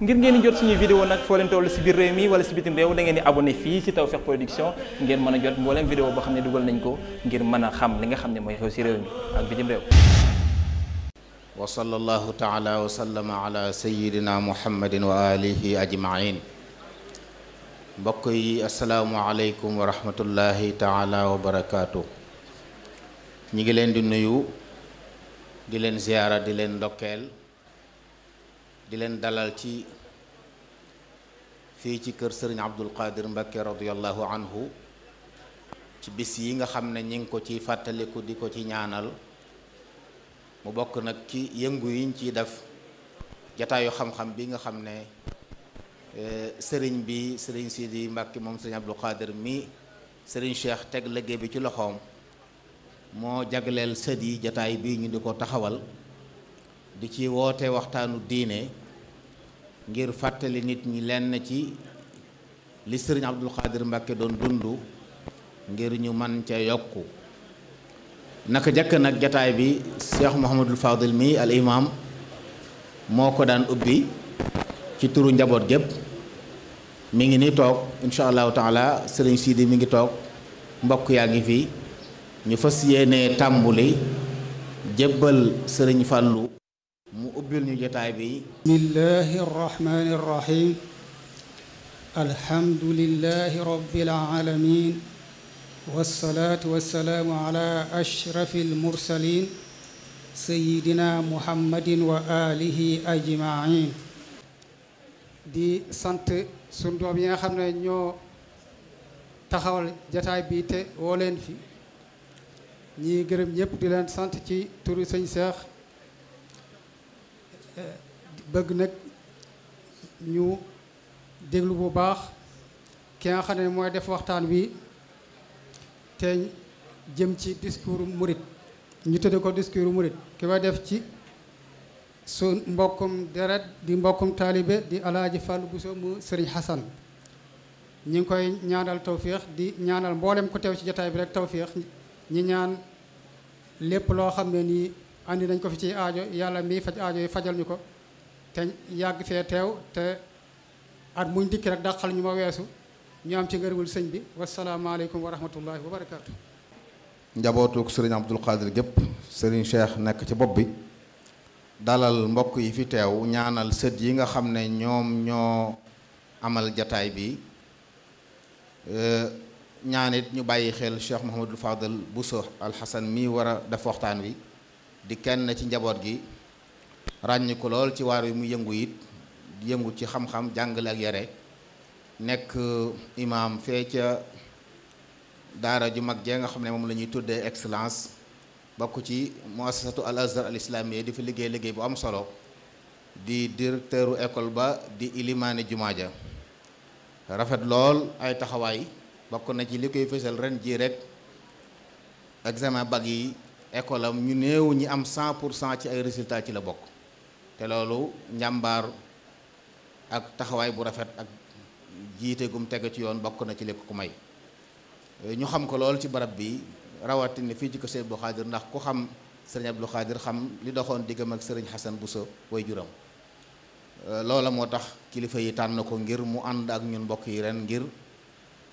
ngir ngeen jot suñuy vidéo nag foo leen toll si biir réew mi wala si bitim réew da ngeen di abonné fii si Tawfekh Production ngeen mën a jot mbooleem vidéo boo xam ne dugal nañ ko ngir mën a xam li nga xam ne mooy xew si réew mi ak bitim réew wa sallallahu taala wa sallama ala sayidina muhammadin wa alihi ajmain mbokk yi wa barakaatu ñi ngi leen di nuyu di leen ziyaara di leen ndokkeel di leen dalal ci fii ci kër sëriñ Abdul Qadir Mbakke radiyallahu anhu ci bis yi nga xam ne ñi ngi ko ci fàttaliku di ko ci ñaanal mu bokk nag ci yëngu yiñ ci def jataayu xam-xam bi nga xam ne eh, sëriñ bi sëriñ Sidi Mbakke moom sëriñ Abdul Qadir mi sëriñ Cheikh teg liggéey bi ci loxoom moo jagleel sët yi jataay bii ñu di ko taxawal di ci woote waxtaanu diine ngir fàttali nit ñi lenn ci li sëriñ Abdul Xaadir Mbàkke doon dund ngir ñu man ca yokku naka jëkk nag jataay bi Cheikh Mouhamadul Fadil mi al imam moo ko daan ubbi ci turu njaboot gépp mu ngi ni toog incha allahu taala sëriñ Sidi mi ngi toog mbokk yaa ngi fi ñu fas yéene tàmbuli jébbal sëriñ Fàllu ubbil ñu jotaay bi bismillahi arrahmani arrahim alhamdulillahi rabbil alamin wassalaatu wassalaamu ala ashrafi almursalin sayidina muhammadin wa alihi ajmain di sant sunu doom yi nga xam ne ñoo taxawal jataay bi te woo leen fi ñi gërëm ñëpp di leen sant ci turu sëñ Seex bëgg nag ñu déglu bu baax ki nga xam ne mooy def waxtaan wi te jëm ci discours murit ñu tëdd ko discours murit ki koy def ci su mbokkum deret di mbokkum taalibe di alaaji Fàllu Buso mu sëriñ Xasan ñi ngi koy ñaanal tawféex di ñaanal mboolem ko teew ci jotaay bi rek tawféex ñi ñaan lépp loo xam ne andi nañ ko fi ci aajo yàlla mii faj aajo yi fajal ñu ko te yàgg fee teew te at muñ dikki rek dàqal ñu ma weesu ñu am ci ngërëmul sëñ bi wasalaamaaleykum wa rahmatullahi wa barakaatu. njabootu sëriñ Abdul Xaadir gépp sëriñ Cheikh nekk ci bopp bi dalal mbokk yi fi teew ñaanal sët yi nga xam ne ñoom ñoo amal jataay bi ñaanit ñu bàyyi xel Cheikh Mouhamadul Fadal Bousso Al mii war a def waxtaan wi. di kenn ci njaboot gi ràññ ko lool ci waar wi mu yëngu it yëngu ci xam-xam jàngale ak yare nekk euh, imaam fee ca daara ju mag jee nga xam ne moom lañuy tuddee excellence bokk ci muassasatu al azhar al islamiyya di fi liggéey liggéey bu am solo di directeuru école ba di ilimaane jumaa ja rafet lool ay taxawaay bokk na ci li koy fësal ren jii rek examen bac yi école am ñu néewu ñi am cent pour cent ci ay résultat ci la bokk te loolu njàmbaar ak taxawaay bu rafet ak jiite gum tege ci yoon bokk na ci lépp ku may ñu xam ko lool ci barab bi rawatina fii ci ko Sëriñ Abdou Khadir ndax ku xam Sëriñ lu Khadir xam li doxoon diggam ak Sëriñ Xasan Bousso way juram loola moo tax kilifa yi tànn ko ngir mu ànd ak ñun mbokk yi ren ngir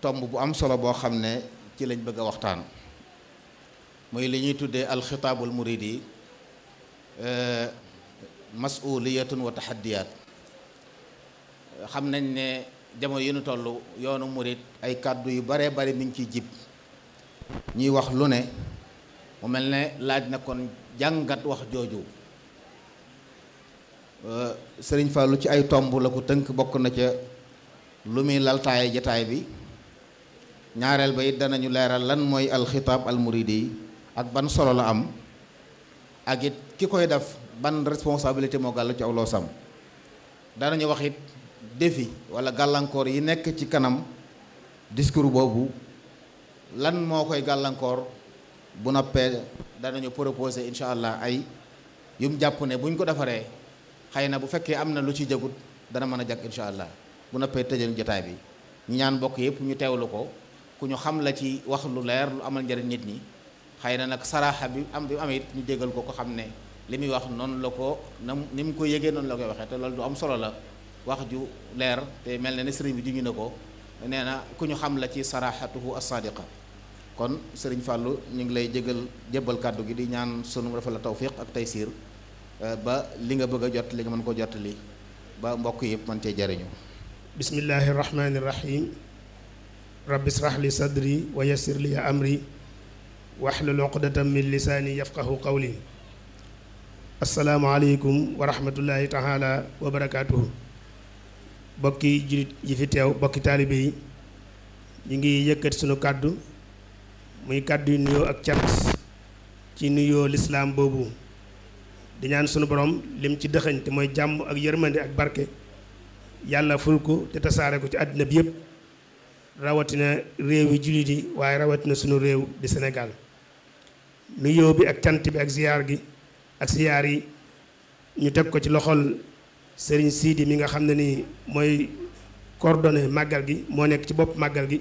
tomb bu am solo boo xam ne ci lañ bëgg a waxtaan muy li ñuy tuddee alxitaabul muridi eh, masuliyatun wa taxaddiyaat xam nañ ne jamono yu ñu toll yoonu murid ay kàddu yu baree bari mi ngi ciy jib ñuy wax lu ne mu mel ne laaj na kon jàngat wax jooju eh, sëriñ Fallou ci ay tomb la ko tënk bokk na ca lu muy laltaaye jataay bi ñaareel ba it danañu leeral lan mooy alxitaab almuridi ak ban solo la am ak it ki koy def ban responsabilité moo gàll ci aw loosam danañu wax it défi wala gàllankoor yi nekk ci kanam discours boobu lan moo koy gàllankoor bu noppee danañu proposer incha allah ay yum jàpp ne buñ ko defaree xëy na bu fekkee am na lu ci jagut dana mën a jag incha allah bu noppee tëjal jataay bi ñu ñaan mbokk yëpp ñu teewlu ko ku ñu xam la ci wax lu leer lu amal njëriñ nit ñi xëy na nag saraaxa bi am bi am it ñu jégal ko ko xam ne li muy wax noonu la ko na ni mu ko yëgee noonu la koy waxee te loolu du am solo la wax ju leer te mel na ne sëriñ bi juñu na ko nee na ku ñu xam la ci saraxatuhu as-sadiqa kon sëriñ fàllu ñu ngi lay jégal jébbal kàddu gi di ñaan sunu dafa la tawfiq ak siir euh, ba li nga bëgg a jot li nga mën ko jot li ba mbokk yëpp mën cee jariñu bismillahi rahmaani rahim rabbi israh li sadri wa yassir waxlul uqdatam min lisaani yafqahu qawli asalaamaaleykum wa rahmatullahi taala wa barakaatuhu bokki jullit yi fi teew bokki taalibe yi ñu ngi yëkkat sunu kàddu muy kàddu yu nuyoo ak cant ci nuyoo lislaam boobu di ñaan sunu borom lim ci dëxëñ te mooy jàmm ak yërmande ak barke yàlla ful ko te tasaare ko ci àddina bi yëpp rawatina réew yi jullit yi waaye rawatina sunu réew di Sénégal nuyoo bi ak cant bi ak ziyaar gi ak yi ñu teg ko ci loxol sëriñ Sidi mi nga xam ne ni mooy coordonné màggal gi moo nekk ci bopp màggal gi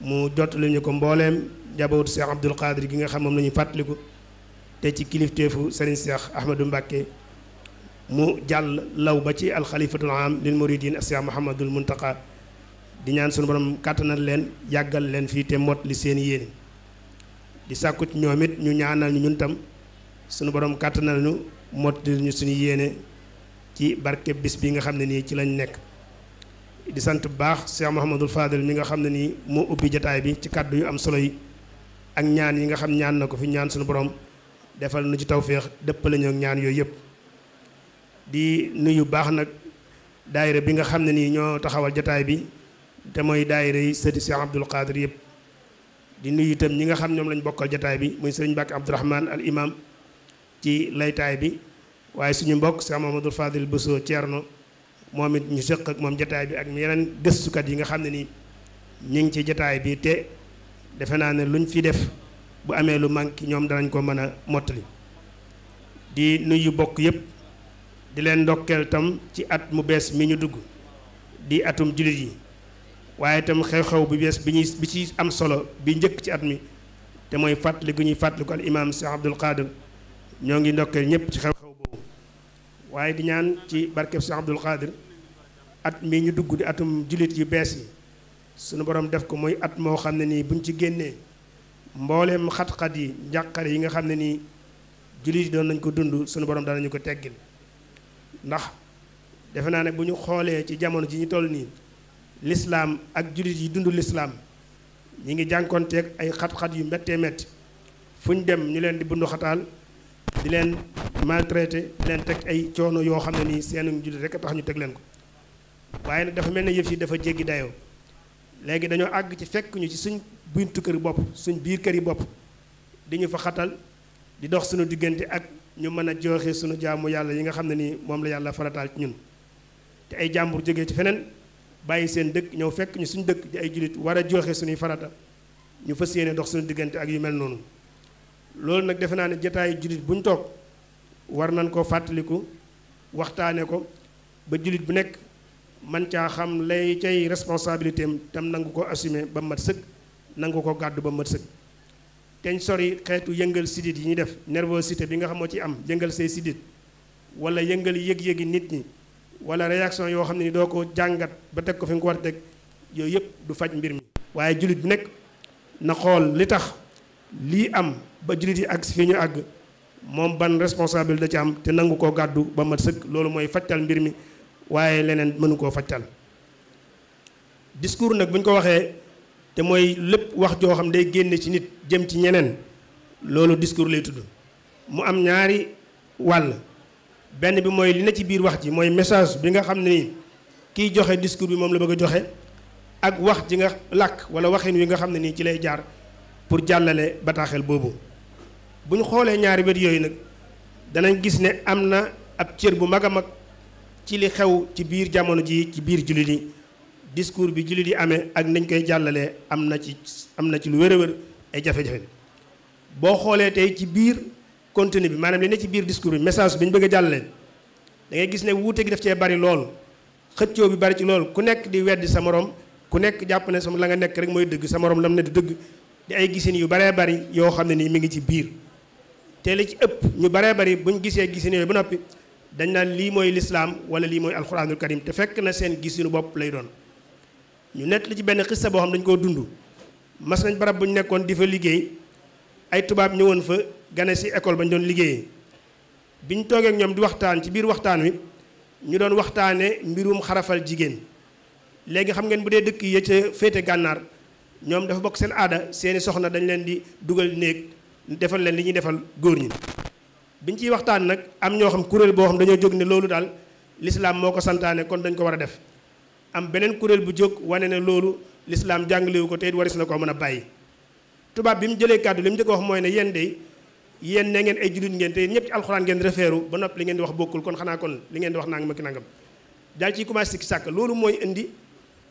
mu jottali ñu ko mbooleem jabawut Cheikh Abdoul Qadir gi nga xam moom la ñu fàttaliku te ci kilifteefu Serigne Cheikh Ahmadou Mbacké mu jàll law ba ci alxalifatul am lil muridin Cheikh Mouhamadul Muntaqa di ñaan sunu borom kàttanal leen yàggal leen fii te mot li seen yéen di sàkku ci ñoom it ñu ñaanal ñu ñun tam suñu borom kàttanal ñu mottil ñu suñu yéene ci barke bis bi nga xam ne nii ci lañ nekk di sant bu baax Cheikh Mouhamadul Fadel mi nga xam ne nii moo ubbi jataay bi ci kàddu yu am solo yi ak ñaan yi nga xam ñaan na ko fi ñaan suñu borom defal nu ci tawféex dëppale ñu ak ñaan yooyu yëpp di nuyu baax nag dayre bi nga xam ne nii ñoo taxawal jataay bi te mooy daayira yi sëti Cheikh Abdoul Qadir yëpp di nuyu itam ñi nga xam ñoom lañ bokkal jataay bi muy sëriñ Mbàkke Abdourahman al imam ci laytaay bi waaye suñu mbokk ma Cheikh Mamadou Fadil Bousso Thierno moom it ñu sëq ak moom jataay bi ak yeneen gëstukat yi nga xam ne nii ñu ngi ci jataay bi te defe naa ne lu ñu fi def bu amee lu manqué ñoom danañ ko mën a mottali di nuyu bokk yépp di leen ndokkeel tam ci at mu bees mi ñu dugg di atum jullit yi waaye itam xew-xew bu bees bi ñuy bi ci am solo bi njëkk ci at mi te mooy fàttali gu ñuy fàttaliku al imaam Cheikh Abdoul Qadir ñoo ngi ndokkee ñëpp ci xew-xew boobu waaye di ñaan ci barkeb Cheikh Abdoul Qadir at mi ñu dugg di atum jullit yi bees yi sunu borom def ko mooy at moo xam ne nii buñ ci génnee mbooleem xat-xat yi njàqare yi nga xam ne nii jullit yi doon nañ ko dund sunu borom danañu ko teggil ndax defe naa ne bu ñu xoolee ci jamono ji ñu toll nii. lislaam ak jullit yi dundu lislaam ñi ngi teg ay xat-xat yu mettee métti fu ñu dem ñu leen di bundu xataal di leen maltraité di leen teg ay coono yoo xam ne nii seen jullit rek tax ñu teg leen ko waaye nag dafa mel ne yëf yi dafa jéggi dayoo léegi dañoo àgg ci fekk ñu ci suñ buntu kër bopp suñ biir kër yi bopp di ñu fa xatal di dox suñu diggante ak ñu mën a joxe suñu jaamu yàlla yi nga xam ne nii moom la yàlla farataal ci ñun te ay jàmbur jógee ci feneen bàyyi seen dëkk ñëw fekk ñu suñu dëkk di ay jullit war a joxe suñuy farata ñu fas yéene dox suñu diggante ak yu mel noonu loolu nag defe naa ne jataayu jullit bu ñu toog war nañ koo fàttaliku waxtaane ko ba jullit bu nekk man caa xam lay cay responsabilité am tam nangu ko assumer ba mat sëkk nangu ko gàddu ba mat sëkk teñ sori xeetu yëngal sidit yi ñuy def nervosité bi nga xam moo ci am yëngal say sidit wala yëngal yëg-yëgi nit ñi wala réaction yoo xam ne ni doo ko jàngat ba teg ko fi nga war a teg yooyu yëpp du faj mbir mi waaye jullit bi nekk na xool li tax lii am ba jullit yi àgg si fii ñu àgg moom ban responsable da ci am te nangu koo gàddu ba ma sëkk loolu mooy fajtal mbir mi waaye leneen mënu koo fajtal diskuur nag bu ñu ko waxee te mooy lépp wax joo xam day génne ci nit jëm ci ñeneen loolu discours lay tudd mu am ñaari wàll benn bi mooy li na ci biir wax ji mooy message bi nga xam ne nii kiy joxe discours bi moom la bëgg a joxe ak wax ji nga làkk wala waxin wi nga xam ne nii ci lay jaar pour jàllale bataaxeel boobu bu ñu xoolee ñaari wér yooyu nag danañ gis ne am na ab cër bu mag a mag ci li xew ci biir jamono ji ci biir jullit yi discours bi jullit yi amee ak nañ koy jàllalee am na ci am na ci lu wér a wér ay jafe-jafe boo xoolee tey ci biir contenu bi maanaam li ne ci biir discours bi message bi ñu bëgg a jàll leen da gis ne wuute gi daf cee bari lool xëccoo bi bari ci loolu ku nekk di weddi sa moroom ku nekk jàpp ne sama la nga nekk rek mooy dëgg sa morom lam ne di dëgg di ay gisin yu baree bari yoo xam ne nii mi ngi ci biir te li ci ëpp ñu baree bari buñ gisee gisin yooyu ba noppi dañ naan lii mooy lislaam wala lii mooy alxuraanul karim te fekk na seen gisinu bopp lay doon ñu nekk la ci benn xista boo xam dañ koo dund mas nañ barab bu ñu nekkoon di fa liggéey ay tubaab ñëwoon fa gane si école ba ñu doon liggéeyee bi ñu toogee ñoom di waxtaan ci biir waxtaan wi ñu doon waxtaanee mbirum xarafal jigéen léegi xam ngeen bu dee dëkk yi ca féete gànnaar ñoom dafa bokk seen aada seeni soxna dañ leen di dugal néeg defal leen li ñuy defal góor ñi biñ ciy waxtaan nag am ñoo xam kuréel boo xam dañoo jóg ne loolu daal lislaam moo ko santaane kon dañ ko war a def am beneen kuréel bu jóg wane ne loolu l'islam jàngalewu ko te it na koo mën a bàyyi bi mu jëlee kàddu li mu mooy ne yéen de yéen ne ngeen ay jullit ngeen te ñëpp ci alxuraan ngeen refeeru ba nopp li ngeen di wax bokkul kon xanaa kon li ngeen di wax nangam ak nangam daal ciy commencé sikki sàkk loolu mooy indi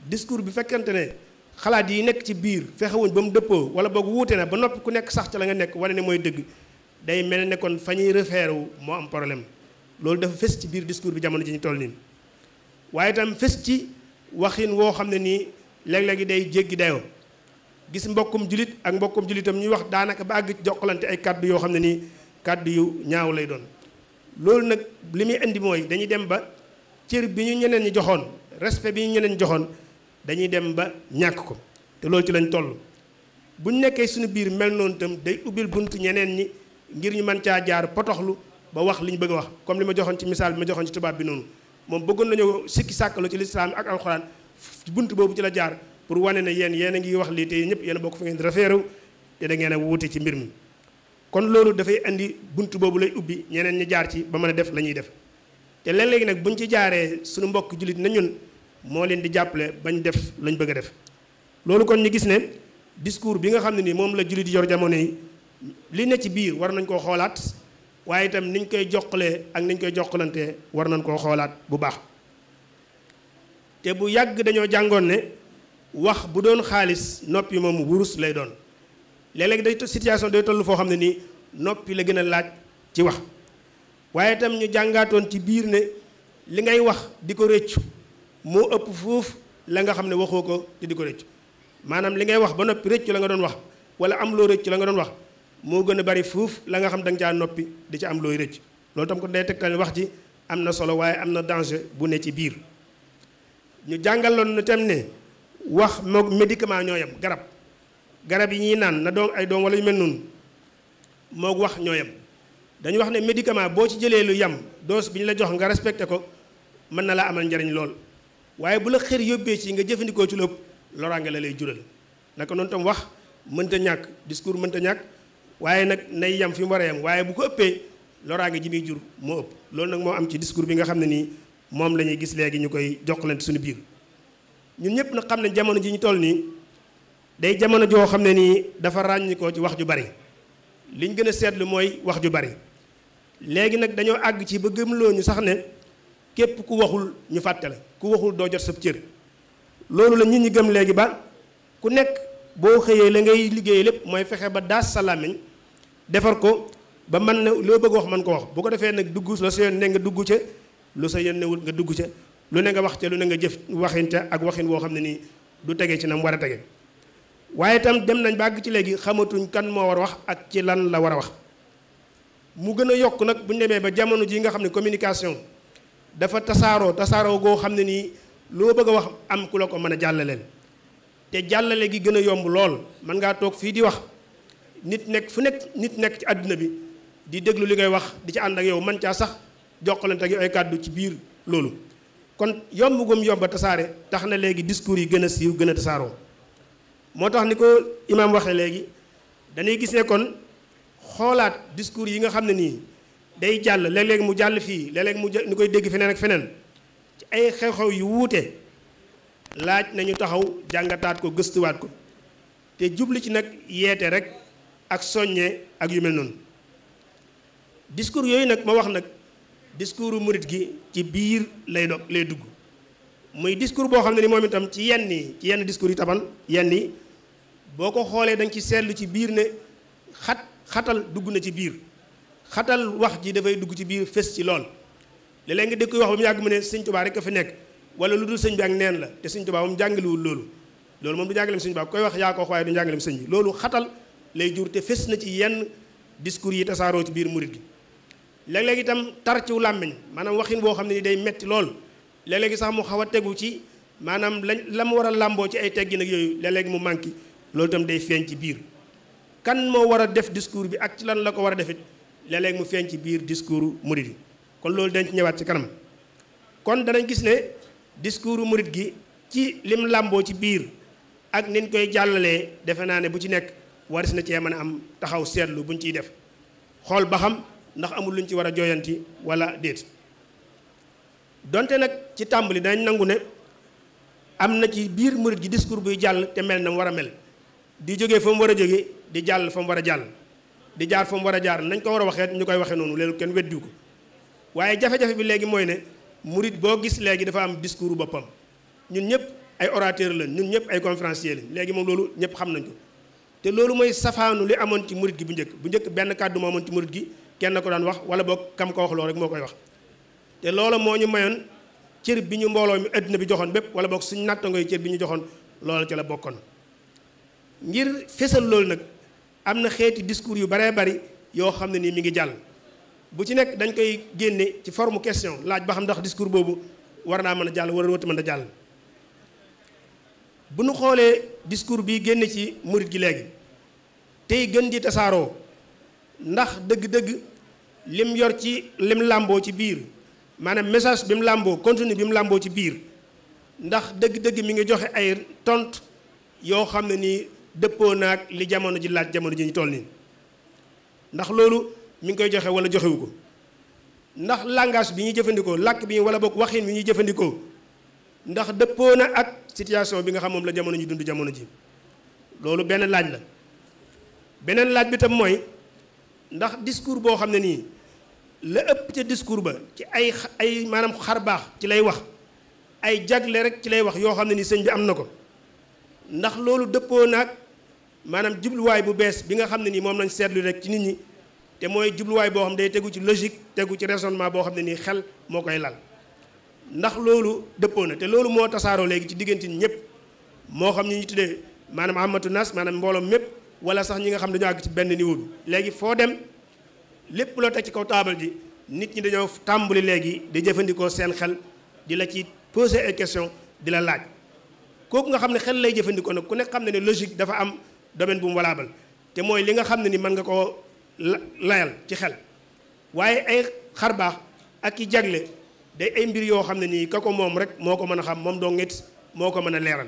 discours bi fekkante ne xalaat yi nekk ci biir fexewuñ ba mu dëppoo wala boog wuute na ba noppi ku nekk sax ca la nga nekk wane ne mooy dëgg day mel ne kon fa ñuy refeeru moo am problème loolu dafa fës ci biir discours bi jamono ji ñu toll nii waaye itam fes ci waxin woo xam ne nii léeg-léegi day jéggi dayoo gis mbokkum julit ak mbokkum julitam ñuy wax daanaka ba àgg jokkalante ay kàddu yoo xam ne nii kàddu yu ñaaw lay doon loolu nag li muy indi mooy dañuy dem ba cër bi ñu ñeneen ñi joxoon respect bi ñu ñeneen ñi joxoon dañuy dem ba ñàkk ko te loolu ci lañ toll bu ñu nekkee suñu biir mel noonu itam day ubbil bunt ñeneen ñi ngir ñu mën caa jaar potoxlu ba wax li ñu bëgg a wax comme li ma joxoon ci misaal bi ma joxoon ci tubaab bi noonu moom bëggoon nañoo sikki sàkkaloo ci lislaam ak alxuraan buntu boobu ci la jaar pour wane ne yéen yéen a ngi wax lii te ñëpp yéen a bokk fi ngeen rafeeru te da ngeen a wuute ci mbir mi kon loolu dafay andi bunt boobu lay ubbi ñeneen ñi jaar ci ba mën a def la ñuy def te leen léegi nag buñ ci jaaree suñu mbokk jullit na ñun moo leen di jàppale bañ def lañ bëgg a def loolu kon ñu gis ne discours bi nga xam ne ni moom la jullit yor jamono yi li ne ci biir war nañ koo xoolaat waaye itam niñ koy joxalee ak niñ koy joxalante war nañ koo xoolaat bu baax te bu yàgg dañoo jàngoon ne wax bu doon xaalis noppi moom wurus lay doon léeg-léeg day situation day toll foo xam ne nii noppi la gën a laaj ci wax waaye itam ñu jàngaatoon ci biir ne li ngay wax di ko rëccu moo ëpp foofu la nga xam ne waxoo ko te di ko rëccu maanaam li ngay wax ba noppi rëccu la nga doon wax wala am loo rëccu la nga doon wax moo gën a bari fuuf la nga xam danga nga noppi di ci am looy rëccu loolu tam ko day tekkal wax ji am na solo waaye am na danger bu ne ci biir ñu jàngaloon na tam ne wax moog médicament ñoo yem garab garab yi ñuy naan na doom ay doom wala yu mel noonu moog wax ñoo yem dañu wax ne médicament boo ci jëlee lu yem doos bi ñu la jox nga respecté ko mën na la amal njariñ lool waaye bu la xër yóbbee ci nga jëfandikoo ci lépp loraange la lay jural naka noonu tam wax mënta ñàkk discours mënta ñàkk waaye nag nay yem fi mu war a waaye bu ko ëppee loraange ji muy jur moo ëpp loolu nag moo am ci discours bi nga xam ne nii moom la ñuy gis léegi ñu koy jokkalante suñu biir ñun ñëpp na xam ne jamono ji ñu toll nii day jamono joo xam ne nii dafa ràññikoo ci wax ju bari liñ gën a seetlu mooy wax ju bari léegi nag dañoo àgg ci ba gëmloo ñu sax ne képp ku waxul ñu fàtte ku waxul doo jot sa cër loolu la nit ñi gëm léegi ba ku nekk boo xëyee la ngay liggéey lépp mooy fexe ba daas sa làmmiñ defar ko ba man na loo bëgg wax mën ko wax boo ko defee nag dugg la sa yoon ne nga dugg ca lu sa yoon newul nga dugg ca lu ne nga wax ca lu ne nga jëf waxin ca ak waxin woo xam ne nii du tege ci nam war a tege waaye itam dem nañ bàgg ci léegi xamatuñ kan moo war a wax ak ci lan la war a wax mu gën a yokk nag bu ñu demee ba jamono ji nga xam ne communication dafa tasaaroo tasaaroo goo xam ne nii loo bëgg a wax am ku la ko mën a jàllaleel te jàllale gi gën a yomb lool mën ngaa toog fii di wax nit nekk fu nekk nit nekk ci àdduna bi di déglu li ngay wax di ci ànd ak yow man caa sax jokkalante ak ay kàddu ci biir loolu kon yomb gum yomba tasaare tax na léegi discours yi gën a siiw gën a tasaaroo moo tax ni ko imaam waxee léegi dañuy gis ne kon xoolaat discours yi nga xam ne nii day jàll léeg-léeg mu jàll fii léeg-léeg mu ñu koy dégg feneen ak feneen ci ay xew-xew yu wuute laaj nañu taxaw jàngataat ko gëstuwaat ko te jubli ci nag yeete rek ak soññe ak yu mel noonu discours yooyu nag ma wax nag discours murit gi ci biir lay do lay dugg muy discours boo xam ne ni moom itam ci yenn yi ci yenn discours yi taban yenn yi boo ko xoolee dañ ci seetlu ci biir ne xat xatal dugg na ci biir xatal wax ji dafay dugg ci biir fés ci lool léeg-léeg nga dégg koy wax ba mu yàgg mu ne sëñ Tuubaa rek a fi nekk wala lu dul sëñ bi ak neen la te sëñ Tuubaa moom jàngaliwul loolu loolu moom du jàngaleem sëñ Tuubaa koy wax yaa ko wax waaye du jàngaleem sëñ bi loolu xatal lay jur te fés na ci yenn discours yi tasaaroo ci biir murit gi léeg-léeg itam tar ciw làmmiñ maanaam waxin boo xam ne ni day metti lool léeg-léegi sax mu xaw a tegu ci maanaam lañ la mu war a làmboo ci ay teggin nag yooyu léeg-léeg mu manqué loolu itam day feeñ ci biir kan moo war a def discours bi ak ci lan la ko war a defit léeg mu feeñ ci biir discours murid yi kon loolu dañ ci ñëwaat ci kanam kon danañ gis ne discours murit gi ci lim làmboo ci biir ak niñ koy jàllalee defe naa ne bu ci nekk waris na cee mën a am taxaw seetlu buñ ciy def xool ndax amul luñ ci war a jooyanti wala déet donte nag ci tàmbali dañ nangu ne am na ci biir murit gi discours buy jàll te mel na mu war a mel di jóge fa mu war a jóge di jàll fa mu war a jàll di jaar fa mu war a jaar nañ ko war a waxee ñu koy waxee noonu léegi kenn weddiwu ko waaye jafe-jafe bi léegi mooy ne murit boo gis léegi dafa am discours boppam ñun ñëpp ay orateur lañ ñun ñëpp ay conférencier lañ léegi moom loolu ñëpp xam nañ ko te loolu mooy safaanu li amoon ci murit gi bu njëkk bu njëkk benn kàddu moo ci murit gi kenn ko daan wax wala boog kam ko wax loolu rek moo koy wax te loola moo ñu mayoon cër bi ñu mbooloo mi addina bi joxoon bépp wala bokk suñ nattangoo yi cër bi ñu joxoon loola ca la bokkoon ngir fesal loolu nag am na xeeti discours yu baree bari yoo xam ne nii mi ngi jàll bu ci nekk dañ koy génne ci formu question laaj ba xam ndax discours boobu war naa mën a jàll wala wëtt mën a jàll bu nu xoolee discours bi génn ci murit gi léegi tey gën di tasaaroo ndax dëgg-dëgg lim yor ci lim làmboo ci biir maanaam message bim mu làmboo contenu bi mu làmboo ci biir ndax dëgg-dëgg mi ngi joxe ay tont yoo xam ne nii dëppoo ak li jamono ji laaj jamono ji ñu toll nii ndax loolu mi ngi koy joxe wala joxewu ko ndax langage bi ñuy jëfandikoo làkk bi wala boog waxin bi ñuy jëfandikoo ndax dëppoo na ak situation bi nga xam moom la jamono ñu dund jamono ji loolu benn laaj la beneen laaj bi tam mooy. ndax discours boo xam ne nii la ëpp ca discours ba ci ay ay maanaam xar baax ci lay wax ay jagle rek ci lay wax yoo xam ne nii sëñ bi am na ko ndax loolu dëppoo nag maanaam jubluwaay bu bees bi nga xam ne nii moom nañ seetlu rek ci nit ñi te mooy jubluwaay boo xam ne day tegu ci logique tegu ci raisonnement boo xam ne nii xel moo koy lal ndax loolu dëppoo nag te loolu moo tasaaroo léegi ci diggante ñëpp moo xam ne ñu tuddee maanaam amatu nas maanaam mbooloom mépp wala sax ñi nga xam dañoo àgg ci benn niveau bi léegi foo dem lépp loo teg ci kaw taabal ji nit ñi dañoo tàmbali léegi di jëfandikoo seen xel di la ci poser ay question di la laaj kooku nga xam ne xel lay jëfandikoo nag ku nekk xam ne ne logique dafa am domaine bu mu te mooy li nga xam ne ni mën nga koo layal ci xel waaye ay xar baax ak i jagle day ay mbir yoo xam ne nii ka ko moom rek moo ko mën a xam moom doo ngit moo ko mën a leeral